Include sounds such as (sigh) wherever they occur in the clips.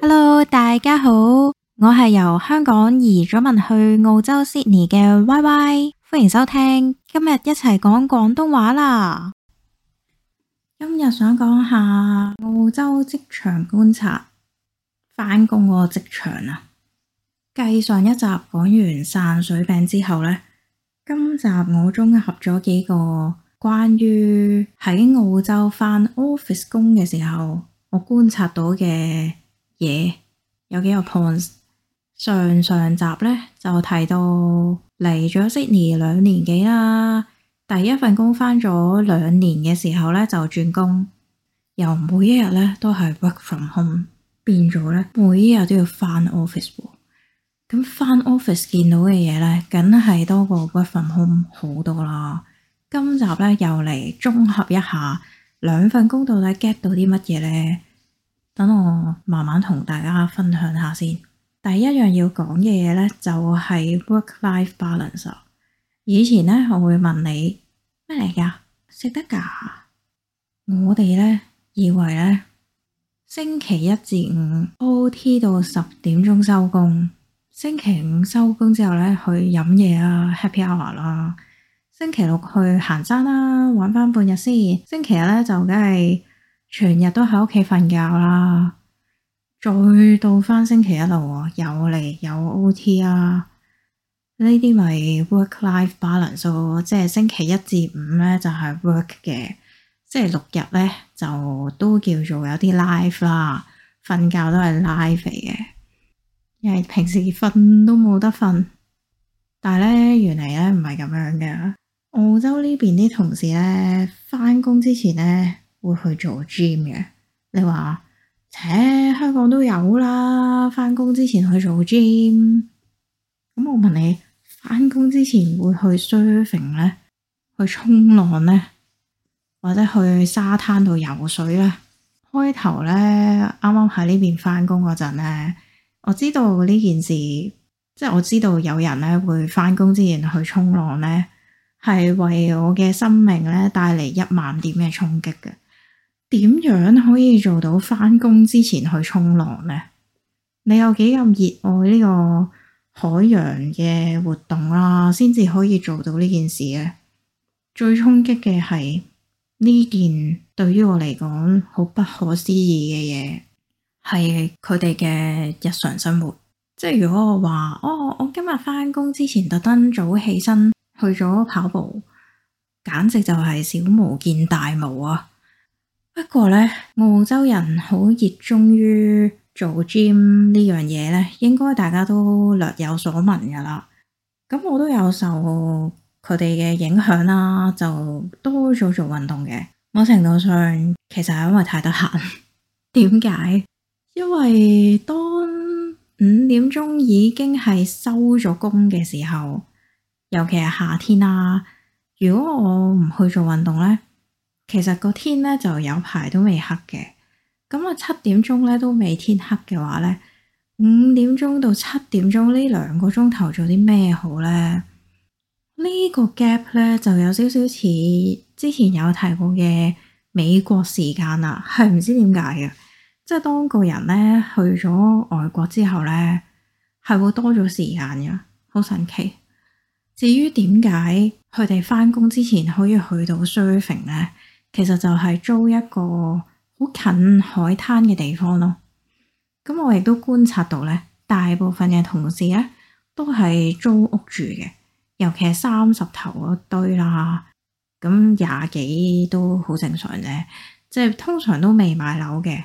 Hello，大家好，我係由香港移咗民去澳洲 Sydney 嘅 Y Y，歡迎收聽。今日一齊講廣東話啦。今日想講下澳洲職場觀察，返工嗰個職場啊。繼上一集講完散水餅之後呢，今集我綜合咗幾個。關於喺澳洲翻 office 工嘅時候，我觀察到嘅嘢有幾個 points。上上集咧就提到嚟咗悉尼 d 兩年幾啦，第一份工翻咗兩年嘅時候咧就轉工，由每一日咧都係 work from home 變咗咧，每一日都要翻 office。咁翻 office 見到嘅嘢咧，梗係多過 work from home 好多啦。今集咧又嚟綜合一下兩份工到底 get 到啲乜嘢呢？等我慢慢同大家分享下先。第一樣要講嘅嘢呢，就係 work-life balance。以前呢，我會問你咩嚟噶？食得噶？我哋呢，以為呢星期一至五 O.T. 到十點鐘收工，星期五收工之後呢，去飲嘢啊，Happy Hour 啦。星期六去行山啦，玩翻半日先。星期日咧就梗係全日都喺屋企瞓覺啦。再到翻星期一啦，有嚟有 O T 啦、啊。呢啲咪 work life balance 咯、啊，即係星期一至五咧就係 work 嘅，星期六日咧就都叫做有啲 life 啦，瞓覺都係 life 嚟嘅。因為平時瞓都冇得瞓，但係咧原嚟咧唔係咁樣嘅。澳洲呢邊啲同事咧，翻工之前咧會去做 gym 嘅。你話，哎香港都有啦，翻工之前去做 gym。咁我問你，翻工之前會去 surfing 咧，去衝浪咧，或者去沙灘度游水咧？開頭咧，啱啱喺呢邊翻工嗰陣咧，我知道呢件事，即係我知道有人咧會翻工之前去衝浪咧。係為我嘅生命咧帶嚟一萬點嘅衝擊嘅。點樣可以做到翻工之前去衝浪呢？你有幾咁熱愛呢個海洋嘅活動啦、啊，先至可以做到呢件事嘅。最衝擊嘅係呢件對於我嚟講好不可思議嘅嘢，係佢哋嘅日常生活。即係如果我話哦，我今日翻工之前特登早起身。去咗跑步，簡直就係小巫見大巫啊！不過呢，澳洲人好熱衷於做 gym 呢樣嘢呢，應該大家都略有所聞噶啦。咁我都有受佢哋嘅影響啦、啊，就多咗做運動嘅。某程度上，其實係因為太得閒。點 (laughs) 解？因為當五點鐘已經係收咗工嘅時候。尤其係夏天啦、啊。如果我唔去做運動呢，其實個天呢就有排都未黑嘅。咁啊，七點鐘呢都未天黑嘅話呢，五點鐘到七點鐘呢兩個鐘頭做啲咩好呢？這個，呢個 gap 呢就有少少似之前有提過嘅美國時間啦，係唔知點解嘅，即係當個人呢去咗外國之後呢，係會多咗時間嘅，好神奇。至於點解佢哋翻工之前可以去到 surfing 呢，其實就係租一個好近海灘嘅地方咯。咁我亦都觀察到呢，大部分嘅同事呢都係租屋住嘅，尤其係三十頭一堆啦，咁廿幾都好正常啫，即係通常都未買樓嘅，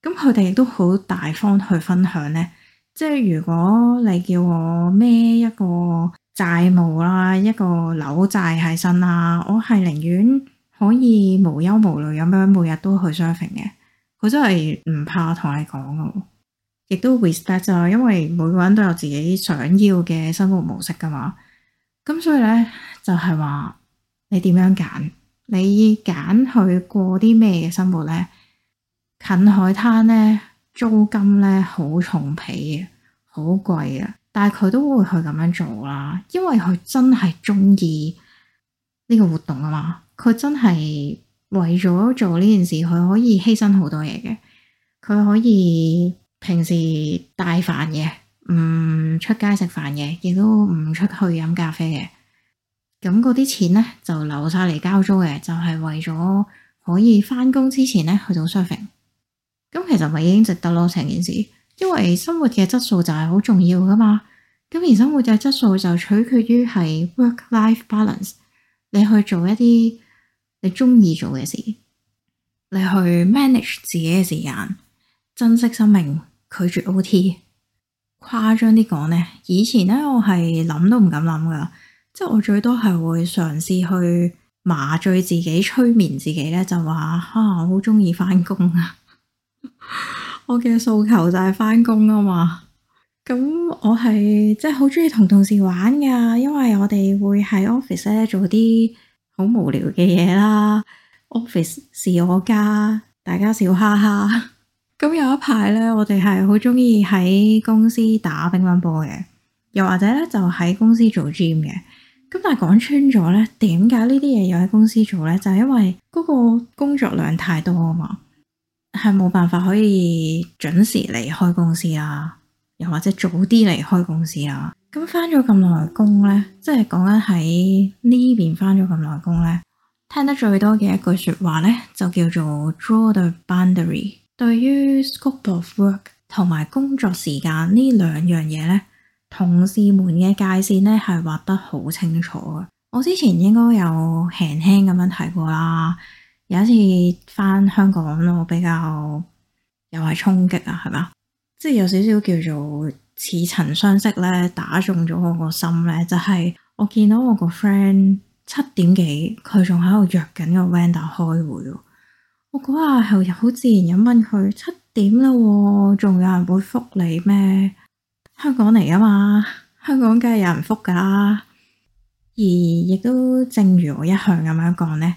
咁佢哋亦都好大方去分享呢。即係如果你叫我孭一個債務啦，一個樓債喺身啦，我係寧願可以無憂無慮咁樣每日都去 shopping 嘅，佢真係唔怕同你講噶，亦都 respect 就因為每個人都有自己想要嘅生活模式噶嘛，咁所以咧就係話你點樣揀，你揀去過啲咩嘅生活咧？近海灘咧，租金咧好重皮嘅，好貴啊！但係佢都會去咁樣做啦，因為佢真係鍾意呢個活動啊嘛。佢真係為咗做呢件事，佢可以犧牲好多嘢嘅。佢可以平時帶飯嘅，唔出街食飯嘅，亦都唔出去飲咖啡嘅。咁嗰啲錢咧就留晒嚟交租嘅，就係、是、為咗可以翻工之前咧去做 shopping。咁其實咪已經值得囉，成件事。因為生活嘅質素就係好重要噶嘛，咁而生活嘅質素就取決於係 work-life balance。你去做一啲你中意做嘅事，你去 manage 自己嘅時間，珍惜生命，拒絕 OT。誇張啲講呢，以前呢我係諗都唔敢諗噶，即係我最多係會嘗試去麻醉自己、催眠自己咧，就話啊，我好中意翻工啊。 (laughs) 我嘅訴求就係翻工啊嘛，咁我係即係好中意同同事玩噶，因為我哋會喺 office 咧做啲好無聊嘅嘢啦，office 是我家，大家笑哈哈。咁 (laughs) 有一排咧，我哋係好中意喺公司打乒乓波嘅，又或者咧就喺公司做 gym 嘅。咁但係講穿咗咧，點解呢啲嘢有喺公司做咧？就係因為嗰個工作量太多啊嘛。係冇辦法可以準時離開公司啊，又或者早啲離開公司啊。咁翻咗咁耐工呢，即係講緊喺呢邊翻咗咁耐工呢，聽得最多嘅一句說話呢，就叫做 draw the boundary。對於 scope of work 同埋工作時間呢兩樣嘢呢，同事們嘅界線呢係畫得好清楚嘅。我之前應該有輕輕咁樣提過啦。有一次翻香港咯，我比較又係衝擊啊，係嘛？即係有少少叫做似曾相識咧，打中咗我個心咧。就係、是、我見到我個 friend 七點幾，佢仲喺度約緊個 vendor 開會。我估下後日好自然咁問佢：七點啦、啊，仲有人會覆你咩？香港嚟啊嘛，香港梗係有人覆噶啦。而亦都正如我一向咁樣講咧。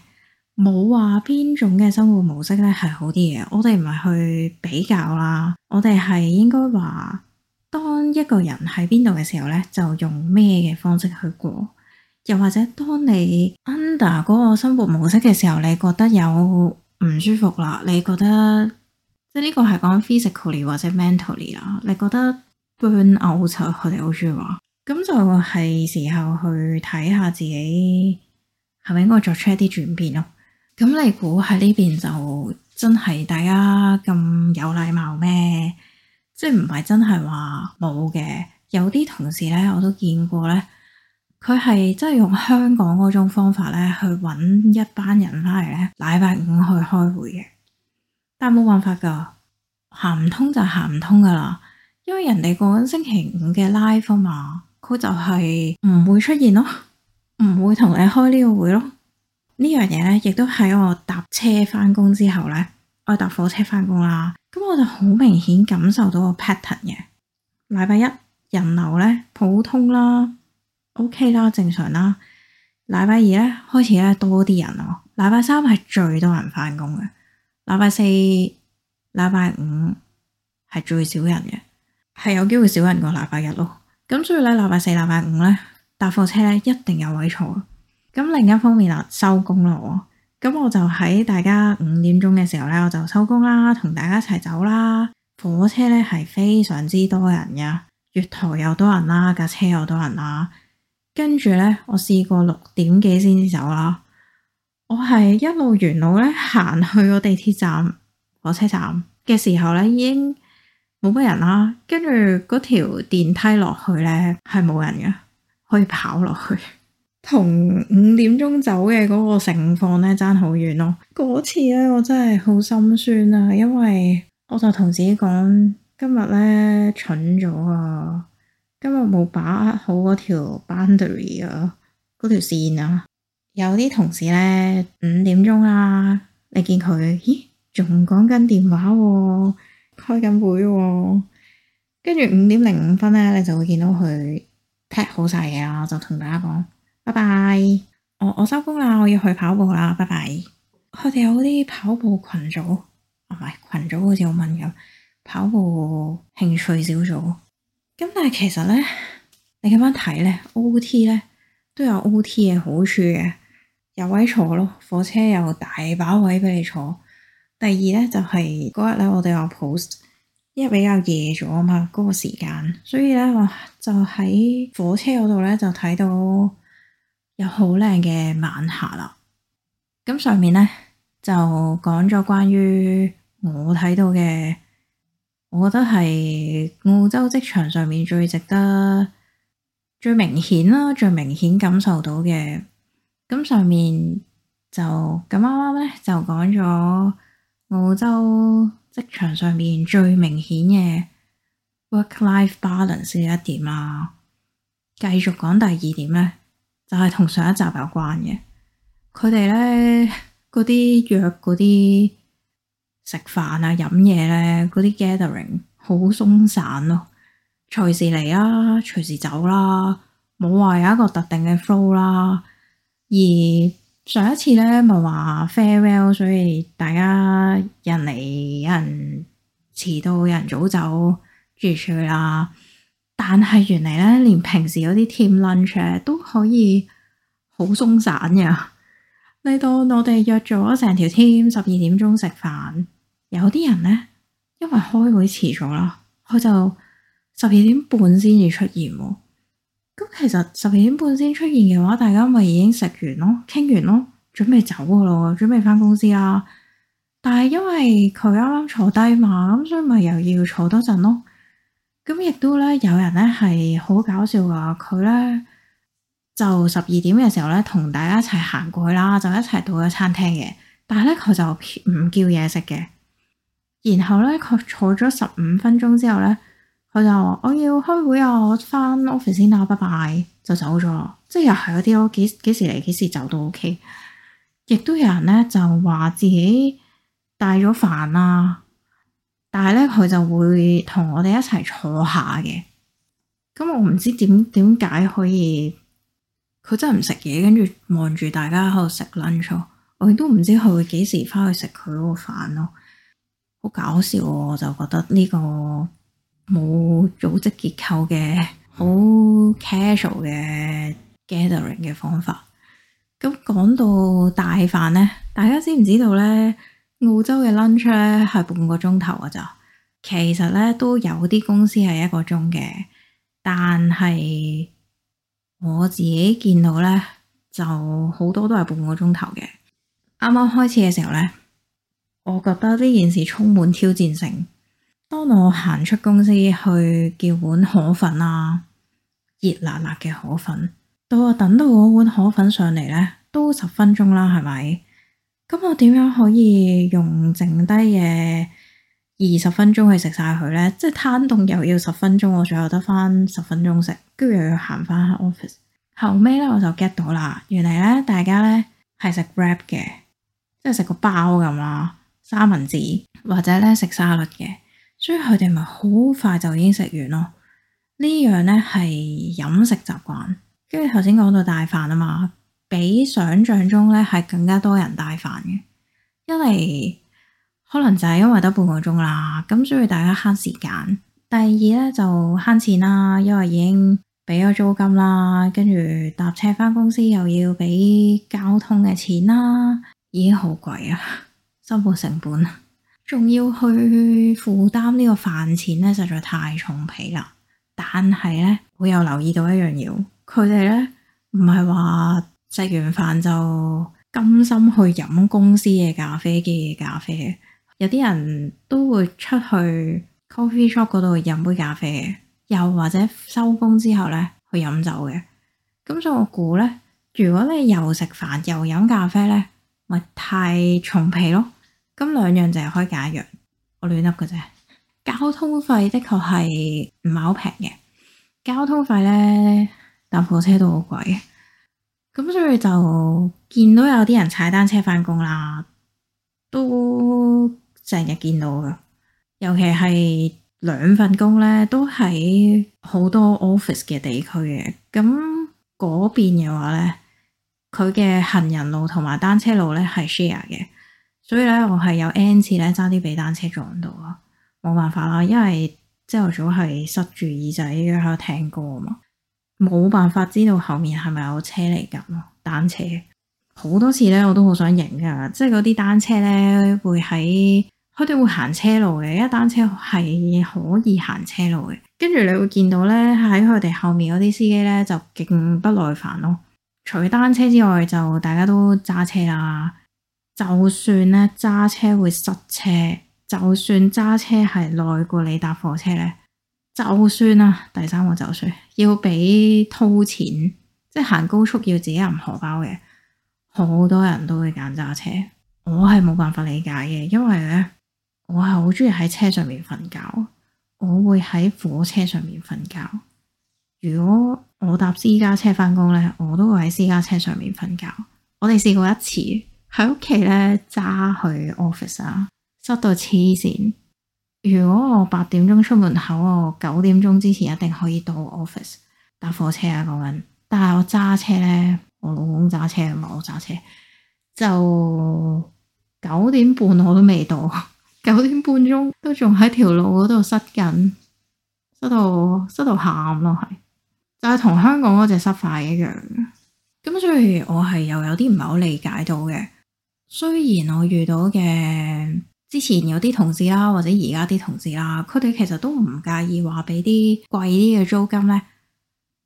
冇話邊種嘅生活模式呢係好啲嘅，我哋唔係去比較啦，我哋係應該話，當一個人喺邊度嘅時候呢，就用咩嘅方式去過，又或者當你 under 嗰個生活模式嘅時候，你覺得有唔舒服啦，你覺得即係呢個係講 physically 或者 mentally 啦，你覺得 burn out 就佢哋好中意話，咁就係時候去睇下自己係咪應該作出一啲轉變咯。咁你估喺呢邊就真係大家咁有禮貌咩？即係唔係真係話冇嘅，有啲同事呢，我都見過呢，佢係真係用香港嗰種方法去呢去揾一班人翻嚟呢禮拜五去開會嘅，但係冇辦法噶，行唔通就行唔通噶啦，因為人哋過緊星期五嘅 live 嘛，佢就係唔會出現咯，唔會同你開呢個會咯。呢樣嘢咧，亦都喺我搭車翻工之後咧，我搭火車翻工啦。咁我就好明顯感受到個 pattern 嘅。禮拜一人流咧普通啦，OK 啦，正常啦。禮拜二咧開始咧多啲人哦。禮拜三係最多人翻工嘅。禮拜四、禮拜五係最少人嘅，係有機會少人過禮拜一咯。咁所以咧，禮拜四、禮拜五咧搭火車咧一定有位坐。咁另一方面啦，收工啦，咁我就喺大家五點鐘嘅時候呢，我就收工啦，同大家一齊走啦。火車呢係非常之多人噶，月台又多人啦，架車又多人啦。跟住呢，我試過六點幾先至走啦。我係一路沿路呢，行去個地鐵站、火車站嘅時候呢，已經冇乜人啦。跟住嗰條電梯落去呢，係冇人嘅，可以跑落去。同五點鐘走嘅嗰個情況咧差好遠咯，嗰次咧我真係好心酸啊，因為我就同自己講今日咧蠢咗啊，今日冇把握好嗰條 boundary 啊，嗰條線啊，有啲同事咧五點鐘啦，啊，你見佢咦仲講緊電話、啊、開緊會、啊，跟住五點零五分咧，你就會見到佢 pack 好晒嘢啊，就同大家講。拜拜，bye bye. Oh, 我我收工啦，我要去跑步啦，拜拜。我哋有啲跑步群組，唔、啊、係群組好似我問咁，跑步興趣小組。咁但係其實咧，你咁樣睇咧，O T 咧都有 O T 嘅好處嘅，有位坐咯，火車有大把位俾你坐。第二咧就係嗰日咧，我哋有 post，因為比較夜咗啊嘛，嗰、那個時間，所以咧我就喺火車嗰度咧就睇到。有好靚嘅晚霞啦，咁上面咧就講咗關於我睇到嘅，我覺得係澳洲職場上面最值得、最明顯啦、最明顯感受到嘅。咁上面就咁啱啱咧就講咗澳洲職場上面最明顯嘅 work life balance 嘅一點啊，繼續講第二點咧。就係同上一集有關嘅，佢哋咧嗰啲約嗰啲食飯啊飲嘢咧嗰啲 gathering 好鬆散咯，隨時嚟啦，隨時走啦，冇話有一個特定嘅 flow 啦。而上一次咧咪話 farewell，所以大家人嚟，有人遲到，有人早走，住住啦。但係原嚟咧，連平時嗰啲 team lunch 都可以好鬆散嘅。嚟 (laughs) 到我哋約咗成條 team 十二點鐘食飯，有啲人咧因為開會遲咗啦，佢就十二點半先至出現。咁其實十二點半先出現嘅話，大家咪已經食完咯，傾完咯，準備走噶咯，準備翻公司啊。但係因為佢啱啱坐低嘛，咁所以咪又要坐多陣咯。咁亦都咧，有人咧係好搞笑㗎，佢咧就十二點嘅時候咧，同大家一齊行過去啦，就一齊到咗餐廳嘅。但係咧，佢就唔叫嘢食嘅。然後咧，佢坐咗十五分鐘之後咧，佢就話：我要開會啊，我返 office 先啦，拜拜，就走咗。即係又係嗰啲咯，幾幾時嚟幾時走都 OK。亦都有人咧就話自己帶咗飯啊。但係咧，佢就會同我哋一齊坐下嘅。咁我唔知點點解可以，佢真係唔食嘢，跟住望住大家喺度食 lunch。我亦都唔知佢會幾時翻去食佢嗰個飯咯。好搞笑喎！我就覺得呢個冇組織結構嘅好 casual 嘅 gathering 嘅方法。咁講到大飯呢，大家知唔知道呢？澳洲嘅 lunch 咧，係半個鐘頭嘅咋。其實咧都有啲公司係一個鐘嘅，但係我自己見到咧就好多都係半個鐘頭嘅。啱啱開始嘅時候咧，我覺得呢件事充滿挑戰性。當我行出公司去叫碗河粉啊，熱辣辣嘅河粉，到我等到我碗河粉上嚟咧，都十分鐘啦，係咪？咁我點樣可以用剩低嘅二十分鐘去食晒佢呢？即係攤凍又要十分鐘，我最後得翻十分鐘食，跟住又要行翻 office。後尾咧我就 get 到啦，原嚟咧大家咧係食 wrap 嘅，即係食個包咁啊，三文治或者咧食沙律嘅，所以佢哋咪好快就已經食完咯。呢樣呢係飲食習慣，跟住頭先講到帶飯啊嘛。比想象中咧係更加多人帶飯嘅，一嚟可能就係因為得半個鐘啦，咁所以大家慳時間；第二咧就慳錢啦，因為已經俾咗租金啦，跟住搭車翻公司又要俾交通嘅錢啦，已經好貴啊，生活成本，仲要去負擔呢個飯錢咧，實在太重皮啦。但係咧，我又留意到一樣嘢，佢哋咧唔係話。食完飯就甘心去飲公司嘅咖啡機嘅咖啡，有啲人都會出去 coffee shop 嗰度飲杯咖啡嘅，又或者收工之後咧，去飲酒嘅。咁所以我估呢，如果你又食飯又飲咖啡呢，咪太重皮咯。咁兩樣就係開假藥，我亂笠嘅啫。交通費的確係唔係好平嘅，交通費呢，搭火車都好貴。咁所以就見到有啲人踩單車翻工啦，都成日見到嘅。尤其係兩份工咧，都喺好多 office 嘅地區嘅。咁嗰邊嘅話咧，佢嘅行人路同埋單車路咧係 share 嘅，所以咧我係有 N 次咧差啲俾單車撞到啊！冇辦法啦，因為朝頭早係塞住耳仔喺度聽歌啊嘛～冇辦法知道後面係咪有車嚟噶咯。單車好多次呢，我都好想贏噶，即係嗰啲單車呢，會喺佢哋會行車路嘅，因為單車係可以行車路嘅，跟住你會見到呢，喺佢哋後面嗰啲司機呢，就勁不耐煩咯。除單車之外，就大家都揸車啦。就算呢揸車會塞車，就算揸車係耐過你搭火車呢。就算啦，第三個就算要俾掏錢，即係行高速要自己入荷包嘅，好多人都會揀揸車。我係冇辦法理解嘅，因為呢，我係好中意喺車上面瞓覺，我會喺火車上面瞓覺。如果我搭私家車翻工呢，我都會喺私家車上面瞓覺。我哋試過一次喺屋企呢，揸去 office 啊，塞到黐線。如果我八點鐘出門口，我九點鐘之前一定可以到 office 搭火車啊嗰陣，但係我揸車呢，我老公揸車唔係我揸車，就九點半我都未到，九 (laughs) 點半鐘都仲喺條路嗰度塞緊，塞到塞到喊咯，係就係、是、同香港嗰隻塞快一樣，咁所以我係又有啲唔係好理解到嘅，雖然我遇到嘅。之前有啲同事啦，或者而家啲同事啦，佢哋其實都唔介意話俾啲貴啲嘅租金呢。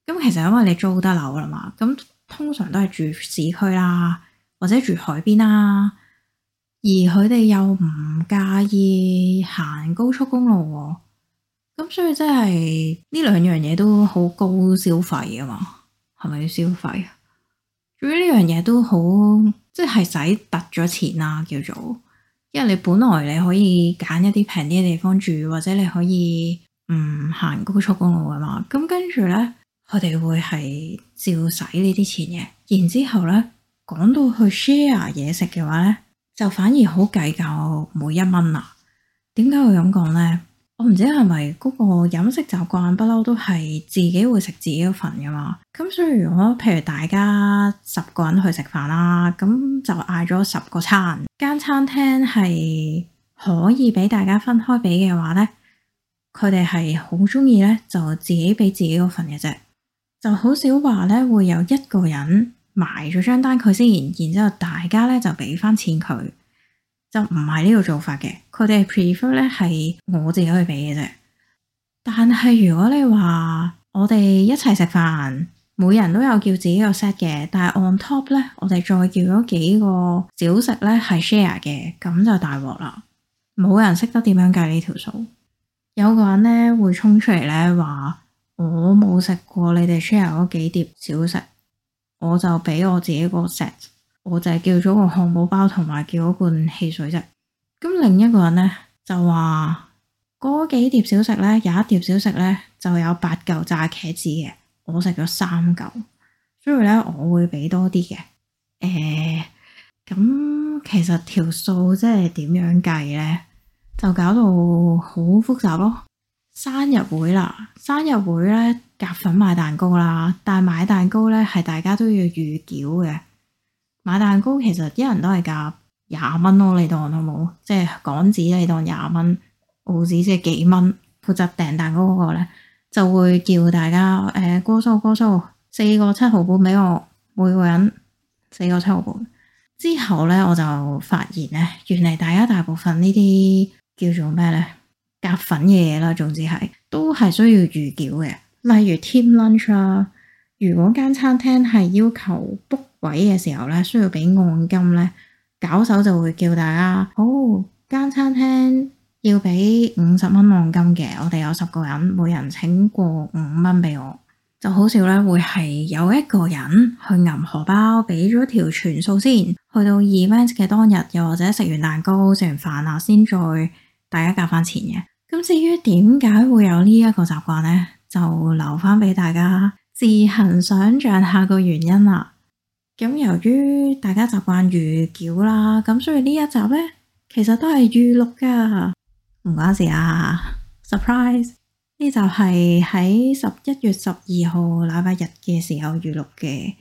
咁其實因為你租得樓啦嘛，咁通常都係住市區啦，或者住海邊啦。而佢哋又唔介意行高速公路，咁所以真係呢兩樣嘢都好高消費啊嘛，係咪要消費？所以呢樣嘢都好，即係使突咗錢啦，叫做。因為你本來你可以揀一啲平啲嘅地方住，或者你可以唔行高速公路㗎嘛，咁跟住咧，佢哋會係照使呢啲錢嘅。然之後咧，講到去 share 嘢食嘅話呢，就反而好計較每一蚊啦。點解會咁講呢？我唔知係咪嗰個飲食習慣，不嬲都係自己會食自己嗰份噶嘛。咁所以如果譬如大家十個人去食飯啦，咁就嗌咗十個餐，間餐廳係可以俾大家分開俾嘅話呢，佢哋係好中意呢就自己俾自己嗰份嘅啫，就好少話呢會有一個人埋咗張單佢先然，然之後大家呢就俾翻錢佢。就唔係呢個做法嘅，佢哋 prefer 咧係我自己去俾嘅啫。但係如果你話我哋一齊食飯，每人都有叫自己個 set 嘅，但係 on top 咧，我哋再叫咗幾個小食咧係 share 嘅，咁就大鑊啦。冇人識得點樣計呢條數，有個人咧會衝出嚟咧話我冇食過你哋 share 嗰幾碟小食，我就俾我自己個 set。我就係叫咗個漢堡包，同埋叫咗罐汽水啫。咁另一個人咧就話嗰幾碟小食咧，有一碟小食咧就有八嚿炸茄子嘅，我食咗三嚿，所以咧我會俾多啲嘅。誒、欸，咁其實條數即係點樣計咧，就搞到好複雜咯。生日會啦，生日會咧夾份買蛋糕啦，但係買蛋糕咧係大家都要預繳嘅。買蛋糕其實啲人都係夾廿蚊咯，你當好冇，即係港紙你當廿蚊，澳紙即係幾蚊。負責訂蛋糕嗰個咧就會叫大家，誒，哥蘇哥蘇四個七毫半俾我，每個人四個七毫半。之後咧我就發現咧，原來大家大部分呢啲叫做咩咧，夾份嘅嘢啦，總之係都係需要預繳嘅，例如 Team Lunch 啊。如果間餐廳係要求 book 位嘅時候咧，需要俾按金呢，搞手就會叫大家，好、哦、間餐廳要俾五十蚊按金嘅，我哋有十個人，每人請過五蚊俾我，就好少咧會係有一個人去揼荷包，俾咗條全數先，去到 event 嘅當日，又或者食完蛋糕、食完飯啊，先再大家夾翻錢嘅。咁至於點解會有呢一個習慣呢？就留翻俾大家。自行想象下個原因啦。咁由於大家習慣預繳啦，咁所以呢一集呢，其實都係預錄噶，唔關事啊。Surprise！呢集就係喺十一月十二號禮拜日嘅時候預錄嘅。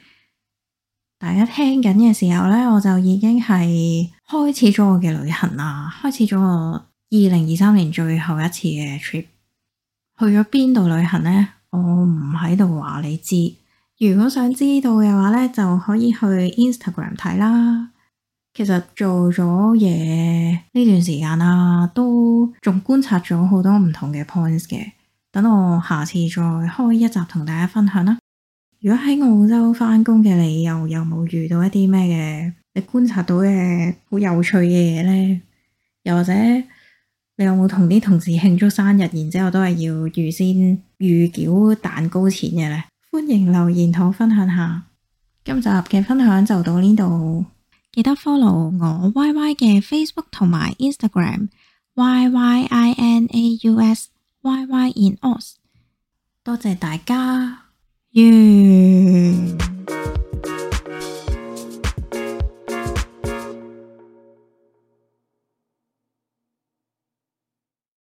大家聽緊嘅時候呢，我就已經係開始咗我嘅旅行啦，開始咗我二零二三年最後一次嘅 trip。去咗邊度旅行呢？我唔喺度話你知，如果想知道嘅話呢，就可以去 Instagram 睇啦。其實做咗嘢，呢段時間啦、啊，都仲觀察咗好多唔同嘅 points 嘅，等我下次再開一集同大家分享啦。如果喺澳洲翻工，嘅你又有冇遇到一啲咩嘅、你觀察到嘅好有趣嘅嘢呢？又或者？你有冇同啲同事慶祝生日，然之後都係要預先預繳蛋糕錢嘅呢，歡迎留言同分享下。今集嘅分享就到呢度，記得 follow 我 YY agram, Y Y 嘅 Facebook 同埋 Instagram Y Y I N A U S Y Y In o s 多謝大家，